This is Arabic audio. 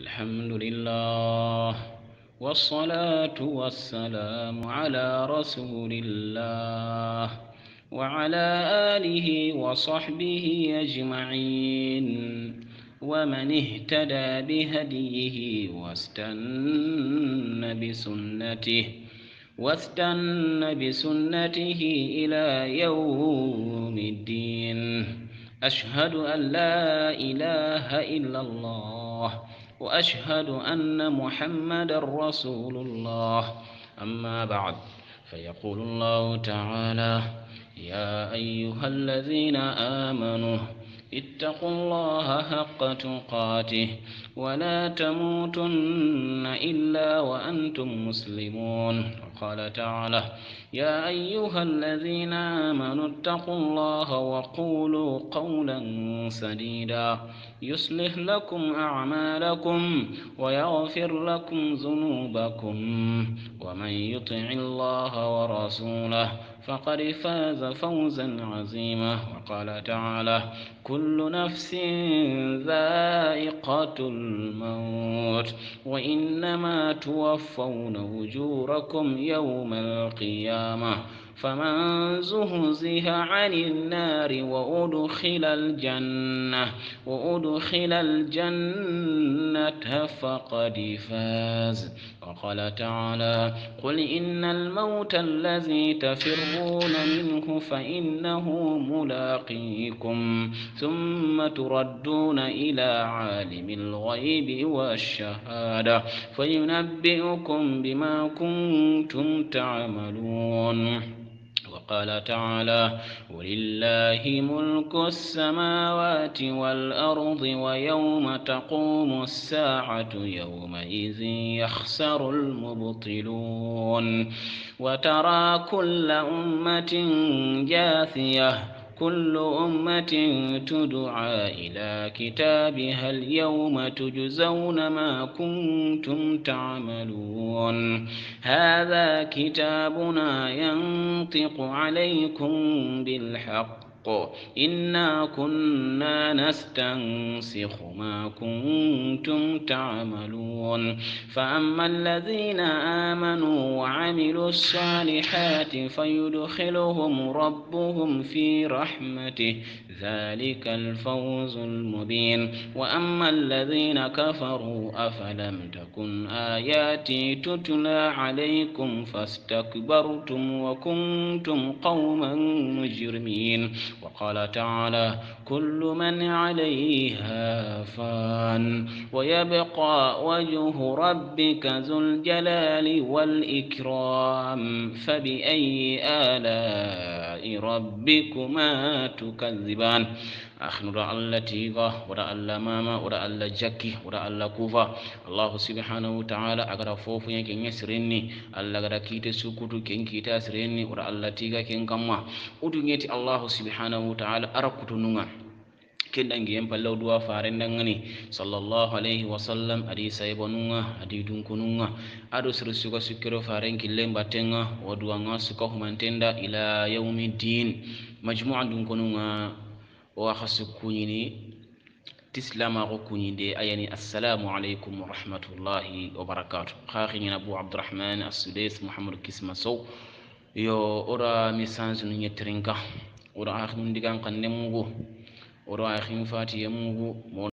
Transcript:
الحمد لله والصلاة والسلام على رسول الله وعلى آله وصحبه أجمعين ومن اهتدى بهديه واستن بسنته واستن بسنته إلى يوم الدين أشهد أن لا إله إلا الله الله وأشهد أن محمد رسول الله أما بعد فيقول الله تعالى يا أيها الذين آمنوا اتقوا الله حق تقاته ولا تموتن إلا وأنتم مسلمون قال تعالى يا أيها الذين آمنوا اتقوا الله وقولوا قولا سديدا يصلح لكم أعمالكم ويغفر لكم ذنوبكم ومن يطع الله ورسوله فقد فاز فوزا عظيما وقال تعالى كل كل نفس ذائقة الموت وإنما توفون أجوركم يوم القيامة فمن زهزه عن النار وأدخل الجنة وأدخل الجنة فقد فاز وقال تعالى قل إن الموت الذي تفرون منه فإنه ملاقيكم ثم تردون إلى عالم الغيب والشهادة فينبئكم بما كنتم تعملون وقال تعالى ولله ملك السماوات والأرض ويوم تقوم الساعة يومئذ يخسر المبطلون وترى كل أمة جاثية كل أمة تدعى إلى كتابها اليوم تجزون ما كنتم تعملون هذا كتابنا ينطق عليكم بالحق الحق إنا كنا نستنسخ ما كنتم تعملون فأما الذين آمنوا وعملوا الصالحات فيدخلهم ربهم في رحمته ذلك الفوز المبين وأما الذين كفروا أفلم تكن آياتي تتلى عليكم فاستكبرتم وكنتم قوما مجرمين وقال تعالى كل من عليها فان ويبقى وجه ربك ذو الجلال والإكرام فبأي آلاء ربكما تكذبان akhnu da allah tiga wada allah mama wada allah jakki wada allah kufa allah subhanahu wa ta'ala agara fofu yake nya sirenni allah gara kite sukutu ken kita sirenni wada allah tiga ken kamma udu ngeti allah subhanahu wa ta'ala arakutu nunga kenɗangi yen pallaw duwa farendangani sallllahu alayhi wa sallam adi saybanunga adi dunkununga aɗo sir suka sukkiro faren kille mbattenga wa duwanga suka humantenda ila yaumi din majmua dunkununga واخس كونيني تسلم دي اياني السلام عليكم ورحمه الله وبركاته خاخي ابو عبد الرحمن السديس محمد كسمسو يو اورا ميساج نيني ترينكا اورا اخ من ديغان قنمغو اورا اخ فاتي يمغو